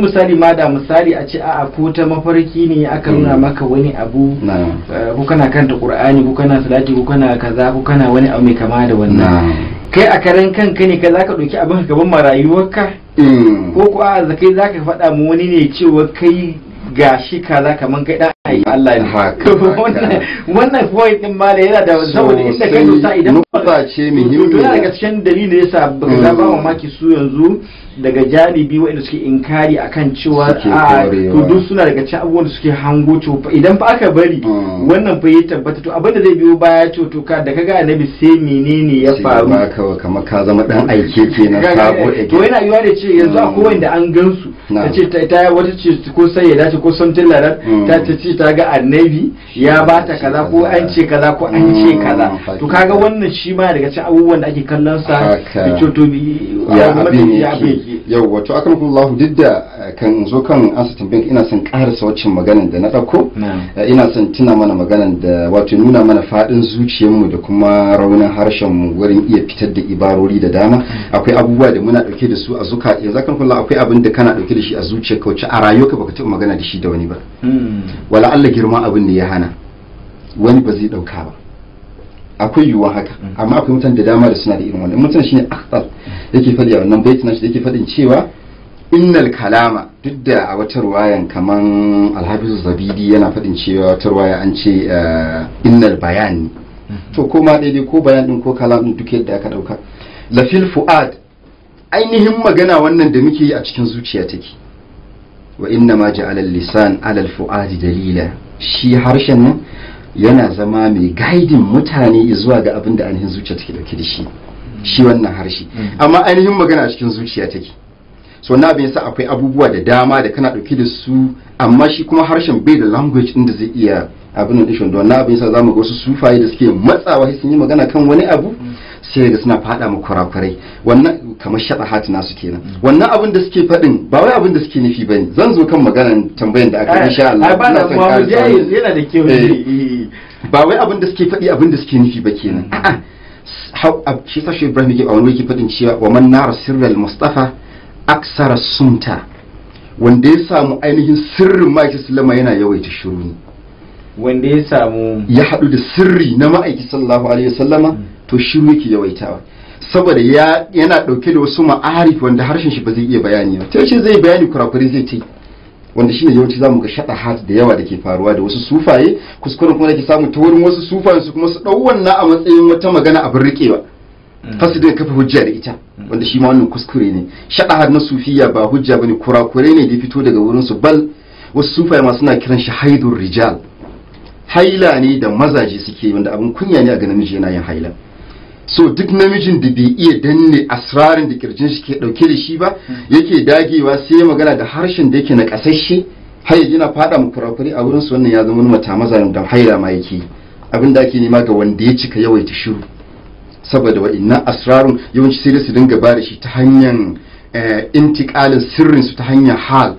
misali ma da misali a ce a'a ko ta mafarki ne aka nuna hmm. maka wani abu eh, ko kana ta qur'ani ko kana salati ko kana kaza ko kana wani abu mai kama da wannan kai a karan kanka ne ka zaka ɗauki abin gaban marayuwarka hmm. ko ko a zakai zaka faɗa mu wani ne cewa kai Ga shi kaza kaman kai dan aiki Allah ne wannan wannan point din ma yana da saboda inda kai nusa idan ba ce muhimmi yana daga cikin dalilin yasa baka ga ba mm. maki su yanzu daga janibi waɗanda suke inkari akan cewa a to duk suna daga cikin abubuwan da suke hango to idan fa aka bari mm. wannan fa ya tabbata to abinda zai biyo baya to to ka da kaga annabi sai menene ya faru ba ka kamar ka zama dan aike kenan sabo to yana yiwa da ce yanzu akwai mm. wanda an gansu ta ce ta wata ce ko sai ya dace ko something like that ta ce ci ta ga annabi ya ba ta kaza ko an ce kaza ko an ce mm, kaza to kaga wannan shi ma daga cikin abubuwan da ake kallon sa to to ya abi yake yau wato akramakumullah duk da eh, kan zo kan asatin bank ina son karasa waccan maganar da na dauko eh, ina son tuna mana maganar da wato nuna mana fadin zuciyarmu da kuma raunin harshen mu wurin iya fitar da ibarori da dama akwai abubuwa da muna dauke da su a zuka yanzu akramakumullah akwai abin da kana dauke da shi a zuciyarka wacce a rayuwarka baka taɓa magana da shi shi da wani ba hmm. wala Allah girman abin ne ya hana wani ba zai dauka ba akwai yiwuwa haka hmm. amma akwai mutane da dama da suna da irin wannan mutum shine akhtar yake faɗi a wannan baitin shi yake faɗin cewa innal kalama duk da a wata ruwayan kaman alhafizu zabidi yana faɗin cewa wata ruwaya an ce eh, innal bayani hmm. to ko ma daidai ko bayan din ko kalam duk yadda aka ɗauka lafil fu'ad ainihin magana wannan da muke yi a cikin zuciya take wa inna ma ja'ala lisan alal fu'adi dalila shi harshen nan yana zama mai gaidin mutane zuwa ga abin da ainihin zuciya take dauke da shi shi wannan harshe mm. amma ainihin magana a cikin zuciya take so na bin sa akwai abubuwa da dama da kana dauke da su amma shi kuma harshen bai da language din da zai iya abin da shi don na bin sa zamu ga wasu sufaye da suke matsawa sai sun yi magana kan wani abu mm. sai ga suna fada mu kurakurai wannan kamar hat nasu kenan wannan abin da suke fadin ba wai abin da suke nufi bane zan zo kan maganan tambayan da aka insha Allah ba na son ƙarasa yana da kyau eh. ba wai abin da suke fadi abin da suke nufi ba kenan a'a shi sa shi Ibrahim yake a wani yake fadin cewa wa man nar sirral mustafa aksara sumta wanda ya samu ainihin sirrin ma'aikin sallama yana yawaita shiru wanda ya samu ya haɗu da sirri na ma'aikin sallallahu alaihi wasallama mm. to shiru yake yawaitawa saboda ya yana dauke da wasu ma'arif wanda harshen shi ba zai iya bayani ba to shi zai bayani kurakuri zai ta wanda shine yawanci zamu ga shada hat da yawa da ke faruwa da wasu sufaye kuskuren kuma da ke samu ta wurin wasu sufaye su kuma su dau wannan a matsayin wata magana abin rikewa mm. da kafa hujja da ita mm. wanda shi ma wannan kuskure ne shada hat na sufiya ba hujja bane kurakure ne da fito daga wurin su bal wasu sufaye ma suna kiran shi haidur rijal haila ne da mazaje suke wanda abin kunya ne a ganin miji yana yin haila so duk namijin da bai iya danne asrarin da kirjin shi ke dauke da shi ba yake dagewa sai ya magana da harshen da yake na kasashe har ya na fada mu kurakuri a wurin su wannan ya zama mata maza da haira ma yake abin da ake nema ga wanda ya cika yawaita shiru saboda wa'annan asrarun yawanci sai su dinga ba da shi ta hanyar eh, intikalin sirrin su ta hanyar hal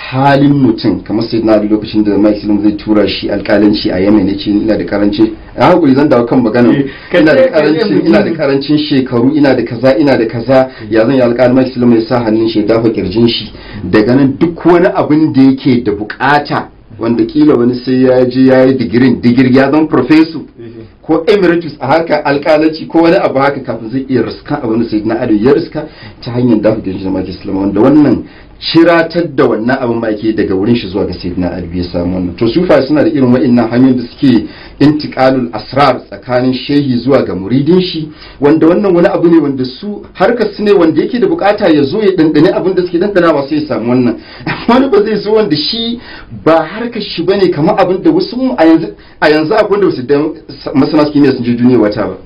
halin mutum kamar sai na lokacin da Mike silin zai tura shi alƙalanci a ne ce ina da karanci a hankali zan dawo kan magana eh, ina da karancin ina da karancin shekaru ina da kaza ina da kaza ya zan yi alkalin Mike silin ya sa hannun shi ya dafa kirjin shi daga nan duk wani abin da yake da bukata wanda kila wani sai ya je ya yi digirin digir ya zan professor eh. ko emeritus a haka alkalanci ko wani abu haka kafin zai iya riska a wani sai na ado ya riska ta hanyar dafa da jama'a islam wanda wannan shiratar da wannan abin yake daga wurin shi zuwa ga sayyidina ali ya samu wannan to sufa suna da irin wa'annan hanyoyin da suke intiqalul asrar tsakanin shehi zuwa ga muridin shi wanda wannan wani abu ne wanda su harkar su ne wanda yake da bukata ya zo ya dandane abin da suke ba sai ya samu wannan wani ba zai zo wanda shi ba harkar shi bane kamar abin da wasu a yanzu a yanzu akwai wanda su masana ne sun je duniya wata ba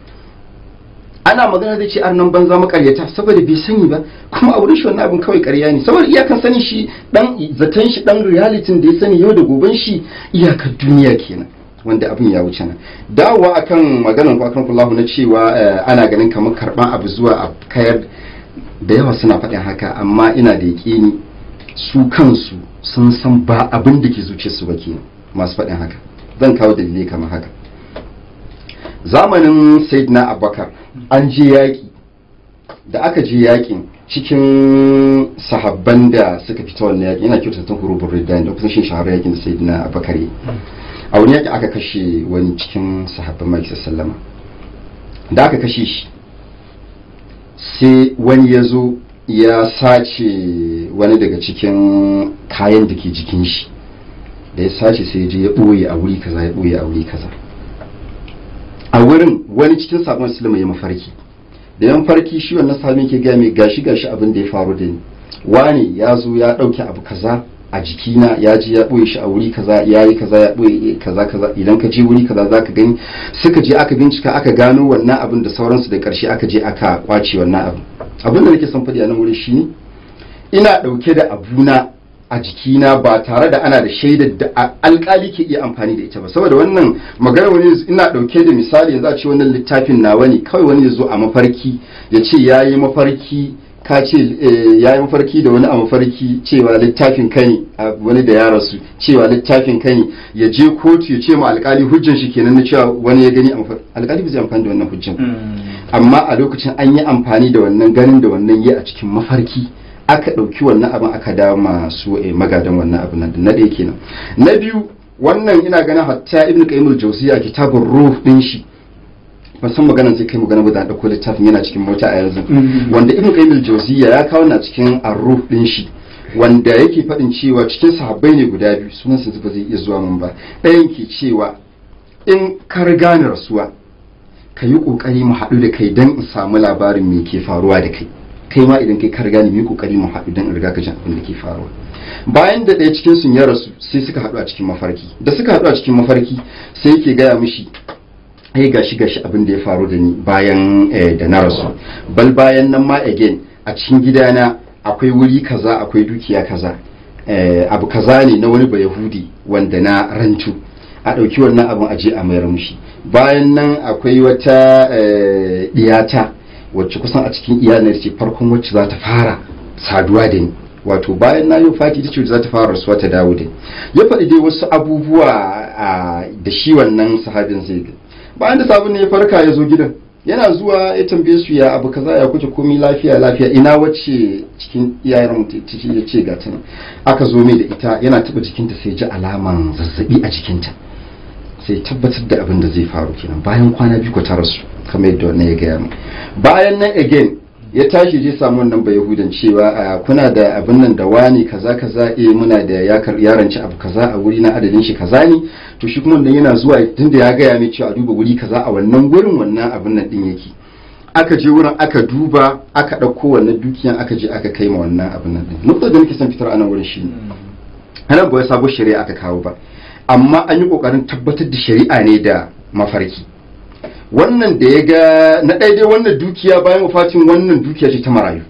ana magana zai ce nan banza makaryata saboda bai sani ba kuma a wurin shi wannan abin kawai karya ne saboda iyakan sani shi dan zaton shi dan realitin da ya sani yau da goben shi iyakar duniya kenan wanda abin ya wuce nan dawowa akan maganar kwakan kullahu na cewa eh, ana ganin kamar karban abu zuwa a kayar da yawa suna faɗin haka amma ina da yaƙini su kansu sun san ba abin da ke zuce su ba kenan masu faɗin haka zan kawo dalilai kamar haka zamanin saidina abubakar an je yaƙi da aka je yaƙin cikin sahabban da suka fita wannan yaƙi yana kyautar tun hurubun ridda da kusan shi shahara yaƙin da ya abubakar a wani yaƙi aka kashe wani cikin sahabban malik sallama da aka kashe shi sai wani ya zo ya sace wani daga cikin kayan da ke jikin shi da ya sace sai ya je ya ɓoye a wuri kaza ya ɓoye a wuri kaza a wurin wani cikin sabon silima ya mafarki da yan farki shi wannan sami ke gaya mai gashi gashi abin da ya faru da ni wani ya zo ya dauke abu kaza a jikina ya ji ya ɓoye shi a wuri kaza ya yi kaza ya ɓoye kaza kaza idan ka je wuri kaza za ka gani suka je aka bincika aka gano wannan abin da sauransu da ƙarshe aka je aka kwace wannan abu abin da nake son faɗi a nan wurin shi ne ina ɗauke da abu na. a jikina ba tare da ana da shaidar da alkali ke iya amfani da ita ba saboda wannan magana wani ina dauke da misali yanzu a ce wannan littafin nawa ne kawai wani ya zo a mafarki ya ce ya yi mafarki ka ce eh, ya yi mafarki da wani a mafarki cewa littafin ka ne wani da ya rasu cewa littafin ka ne ya je kotu ya ce ma alkali hujjan shi kenan na cewa wani ya gani a mafarki alkali ba zai amfani da wannan hujjan hmm. amma a lokacin an yi amfani da wannan ganin da wannan yi a cikin mafarki aka ɗauki wannan abin aka da masu eh, magadan wannan abin nan na ɗaya kenan na biyu wannan ina gana hatta ibn qayyim al a kitabun ruh din shi ba san magana sai kai magana ba da dauko littafin yana cikin mota a yanzu mm-hmm. wanda ibn qayyim al ya kawo na cikin ar-ruh din shi wanda yake faɗin cewa cikin sahabbai ne guda biyu sunan su ba zai iya zuwa mun ba ɗayan ke cewa in kar gane rasuwa ka yi ƙoƙari mu haɗu da kai don in samu labarin me ke faruwa da kai kai ma idan kai ka riga ne mu kokari mu haɗu don riga kajin abin da ke faruwa bayan da ɗaya cikin sun ya rasu sai suka haɗu a cikin mafarki da suka haɗu a cikin mafarki sai yake gaya mishi ai gashi gashi abin da ya faru da ni bayan eh, da na rasu bal bayan nan ma again a cikin gidana akwai wuri kaza akwai dukiya kaza eh, abu kaza ne na wani bayahudi wanda na rantu. a ɗauki wannan abin aje a mayar mushi bayan nan akwai wata eh, ɗiyata wacce kusan a cikin iyalin ce farkon wacce za ta fara saduwa da ni wato bayan na yi fati ta ce za ta fara rasuwa ta dawo da ni ya faɗi dai wasu abubuwa da shi wannan sahabin zai bayan da sabon ne ya farka ya zo gidan yana zuwa ya tambaye su ya abu kaza ya kuce komai lafiya lafiya ina wacce cikin iyayen ciki ya ce ga tana aka zo mai da ita yana taba jikinta sai ji alaman zazzabi a jikinta sai tabbatar da abin da zai faru kenan bayan kwana biyu ta rasu kamar yadda wannan ya gaya mu bayan nan again ya tashi zai samu wannan bai yahudan cewa kuna da abin nan da wani kaza kaza eh muna da yaranci abu kaza a wuri na adadin shi kaza ne to shi kuma wannan yana zuwa tunda ya gaya mai cewa duba wuri kaza a wannan gurin wannan abin nan din yake aka je wurin aka duba aka ɗauko wannan dukiyan aka je aka kai ma wannan abin nan din da nake son fitar a nan wurin shi ne anan ba sabo shari'a aka kawo ba amma an yi kokarin tabbatar da shari'a ne da mafarki wannan da ya ga na daidai wannan dukiya bayan wafatin wannan dukiya ce ta marayu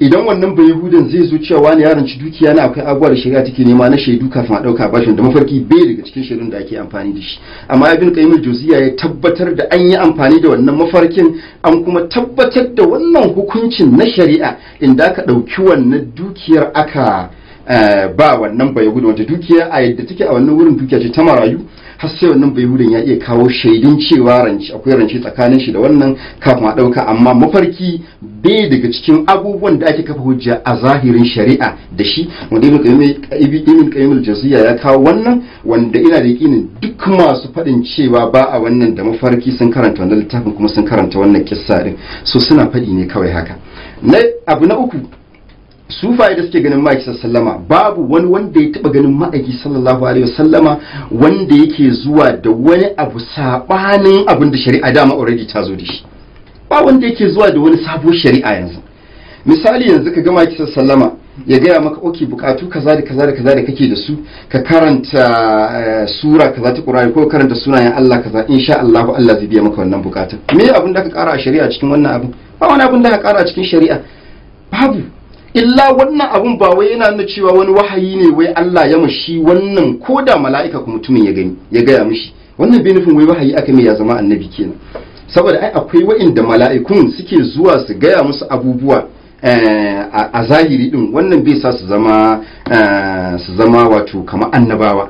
idan wannan bai yahudan zai zo cewa wani yaron ci dukiya na akwai abuwa da shari'a take nema na shaidu kafin a dauka bashin da mafarki bai daga cikin shirin da ake amfani da shi amma ibn qayyim josiya ya tabbatar da an yi amfani da wannan mafarkin an kuma tabbatar da wannan hukuncin na shari'a inda aka dauki wannan dukiyar aka Eh, ba wannan bai gudu wanda dukiya a yadda take a wannan wurin dukiya ce ta marayu har sai wannan bai gudun ya iya kawo shaidun cewa ranci akwai ranci tsakanin shi da wannan kafin a ɗauka amma mafarki bai daga cikin abubuwan da ake kafa hujja a zahirin shari'a da shi wanda ibn qayyim al jaziya ya kawo wannan wanda ina da yakinin duk masu faɗin cewa ba a wannan da mafarki sun karanta wannan littafin kuma sun karanta wannan kissa din so suna faɗi ne kawai haka na abu na uku sufaye da suke ganin ma'aiki sallama babu wani wanda ya taba ganin ma'aiki sallallahu alaihi wasallama wanda yake zuwa da wani abu sabanin abin da shari'a dama already ta zo da shi ba wanda yake zuwa da wani sabo shari'a yanzu misali yanzu ka gama kisan sallama ya gaya maka oke bukatu kaza da kaza da kaza da kake da su ka karanta eh, sura kaza ta qur'ani ko karanta sunayen Allah kaza insha Allah Allah zai biya maka wannan bukatun me abin da ka kara a shari'a cikin wannan abu ba wani abin da ka kara a cikin shari'a babu illa wannan abun ba wai yana nuna cewa wani wahayi ne wai Allah ya mushi wannan ko da mala'ika ku mutumin ya gani ya gaya mishi wannan bai nufin wai wahayi aka mai ya zama annabi kenan saboda ai akwai wa'inda mala'ikun suke zuwa su gaya musu abubuwa eh, a zahiri din wannan bai sa su zama eh, su zama wato kamar annabawa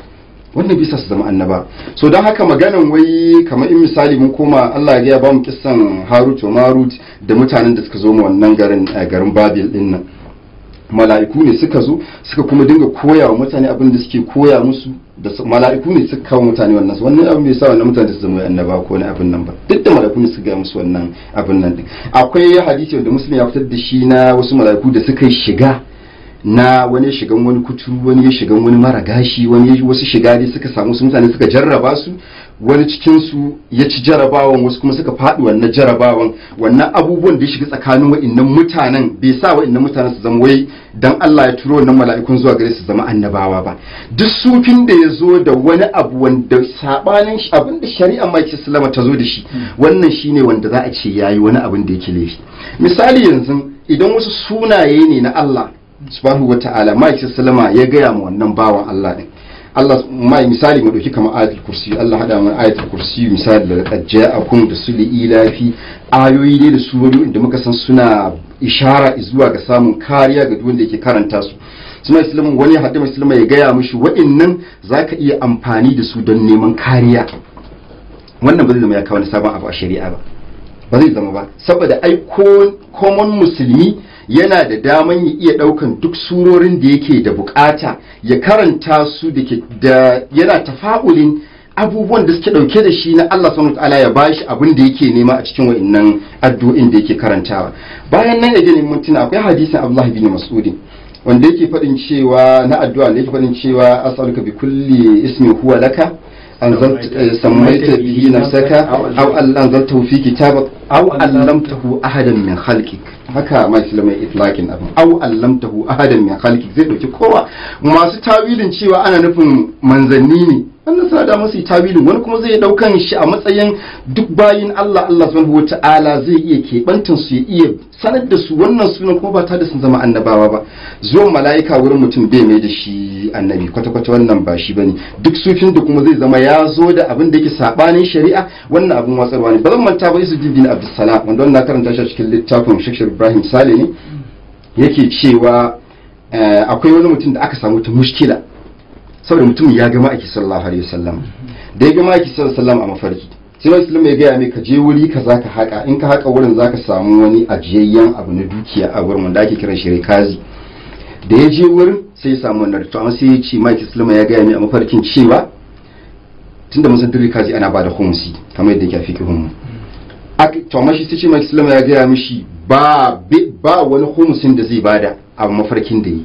wannan bisa su zama annaba so don haka maganan wai kamar in misali mun koma Allah ya ba mu kissan Harut wa Marut da mutanen da suka zo mu wannan garin eh, garin Babil din nan mala'iku ne suka zo suka kuma dinga koya wa mutane abin da suke koya musu da mala'iku ne suka kawo mutane wannan wannan abin bai sa wannan mutane su zama annaba ko wani abin nan ba duk da mala'iku ne suka ga musu wannan abin nan din akwai hadisi wanda musulmi ya fitar da shi na wasu mala'iku da suka shiga na wani shigan wani kuturu wani ya shigan wani mara gashi wani wasu shiga ne suka samu su mutane suka jarraba su wani cikin su ya ci jarabawan wasu kuma suka faɗi wannan jarabawan wannan abubuwan da ya shiga tsakanin wa'annan mutanen bai sa wa'annan mutanen su zama wai dan Allah ya turo wannan mala'ikun zuwa gare su zama annabawa ba duk sufin da ya zo da wani abu wanda sabanin abin da shari'a mai islama ta zo da shi wannan shine wanda za a ce yayi wani abin da yake laifi misali yanzu idan wasu sunaye ne na Allah subhanahu wataala mai islama ya gaya ma wannan bawan Allah din Allah mai misali mu dauki kamar ayatul kursi Allah hada mana ayatul kursi misali da ja'akum da sulu ilafi ayoyi ne da surori inda muka san suna ishara zuwa ga samun kariya ga duk wanda yake karanta su suna islamin wani haɗe musulma ya gaya mishi waannan za ka iya amfani da su don neman kariya wannan ba zai zama ya kawo wani sabon abu a shari'a ba ba zai zama ba saboda ai common musulmi yana da daman ya iya daukan duk surorin da yake da bukata ya karanta su da yana tafa'ulin abubuwan da suke dauke da shi na Allah subhanahu wataala ya bashi abin da yake nema a cikin wa'annan addu'o'in da yake karantawa bayan nan again neman mutuna akwai hadisin Abdullah bin Mas'ud wanda yake fadin cewa na addu'a da yake fadin cewa as'aluka bi kulli ismi huwa laka أنزلت سميت به نفسك أو أنزلته في كتابك أو علمته أحدا من خلقك haka malamai itlaqin abin au allamtahu ahadan min khalqik zai ɗauki kowa masu tawilin cewa ana nufin manzanni ne wannan suna da masu tawilu wani kuma zai daukan shi a matsayin duk bayin Allah Allah subhanahu wataala zai iya kebantan su ya iya sanar da su wannan sunan kuma ba ta da sun zama annabawa ba zuwan mala'ika wurin mutum bai mai da shi annabi kwata kwata wannan ba shi bane duk sufin da kuma zai zama ya zo da abin da yake sabanin shari'a wannan abin watsarwa ne ba zan manta ba isu bin Abdulsalam wanda wannan karanta shi a cikin littafin Sheikh Ibrahim Sale ne yake cewa eh, akwai wani mutum da aka samu ta mushkila saboda mutum ya gama aiki sallallahu alaihi wasallam da ya gama aiki sallallahu alaihi wasallam a mafarki sai wani sallama ya gaya mai ka je wuri ka za ka haƙa in ka haƙa wurin za ka samu wani ajiyayyen abu na dukiya a wurin wanda ake kiran shirin kazi da ya je wurin sai ya samu wannan to amma sai ya ce mike sallama ya gaya mai a mafarkin cewa tun da san duk kazi ana bada homsi kamar yadda ke a fikihun mu to amma shi sai ce mike sallama ya gaya mishi ba ba wani homsin da zai bada a mafarkin da yi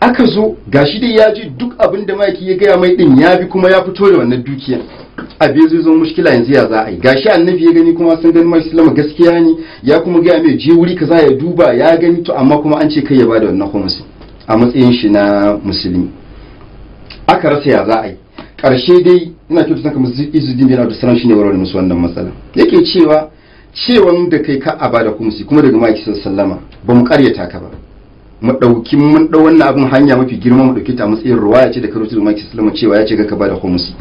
aka zo gashi dai ya ji duk abin da maki ya gaya mai din ya bi kuma ya fito da wannan dukiyar abin zai zo mushkila yanzu ya za a yi gashi annabi ya gani kuma sun gani mai gaskiya ne ya kuma gaya mai je wuri kaza ya duba ya gani to amma kuma an ce kai ya bada wannan homsi a matsayin shi na musulmi aka rasa ya za a yi karshe dai ina kyautu sanka musu izuddin bin abdul shine warware musu wannan matsala yake cewa cewan da kai ka a bada kumsi kuma daga maki sallama ba mu karyata ka ba mu dauki mun dau wannan abin hanya mafi girma mu dauki ta matsayin ruwaya ce da karatu da maki sallama cewa ya ce ka bada khumusi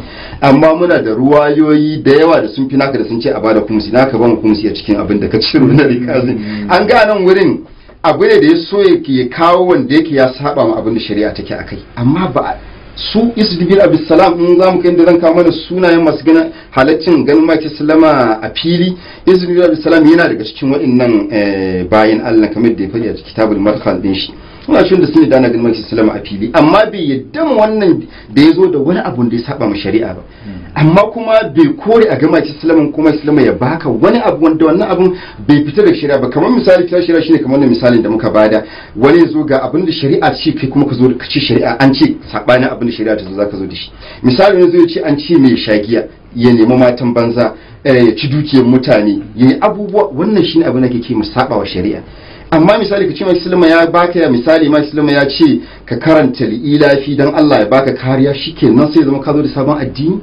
amma muna da ruwayoyi da yawa da sun fi naka da sun ce a bada khumusi naka ba mu khumusi a cikin abin da ka ciro da rikazi an ga nan wurin abu ne da ya so ya kawo wanda yake ya saba ma abin da shari'a take akai amma ba su isu abu salam in za mu kai da zan kama da sunayen masu gina halaccin ganin maki salama a fili isu abu salam yana daga cikin waɗannan eh, bayan allah kamar da ya fari a kitabul marhal din shi suna shirin da sunni dana ganin sallama a fili amma bai yadda wannan da ya zo da wani abu da ya saba ma shari'a ba hmm. amma kuma bai kore a gama ki sallama kuma sallama ya baka wani abu wanda wannan abun bai fita da shari'a ba kamar misali ta shari'a shine kamar wannan misalin da muka bada wani ya zo ga abun da shari'a ce kai kuma ka zo ka ce shari'a an ce sabanin abun da shari'a ta zo zaka zo da shi misali ne zo ya ce an ce mai shagiya ya nemi matan banza eh, ya ci dukiyar mutane ya yi abubuwa wannan shine abin da ke mu saba wa shari'a amma misali ka ce mai silma ya baka misali mai silma ya ce ka karanta li'ilafi dan Allah ya baka kariya nan sai zama ka zo da sabon addini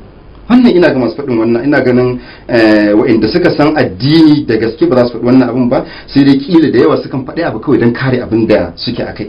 wannan ina ga masu faɗin wannan ina ganin eh, wa'inda suka san addini da gaske ba za su faɗi wannan abin ba sai dai kila da yawa sukan faɗi abu kawai don kare abin da suke akai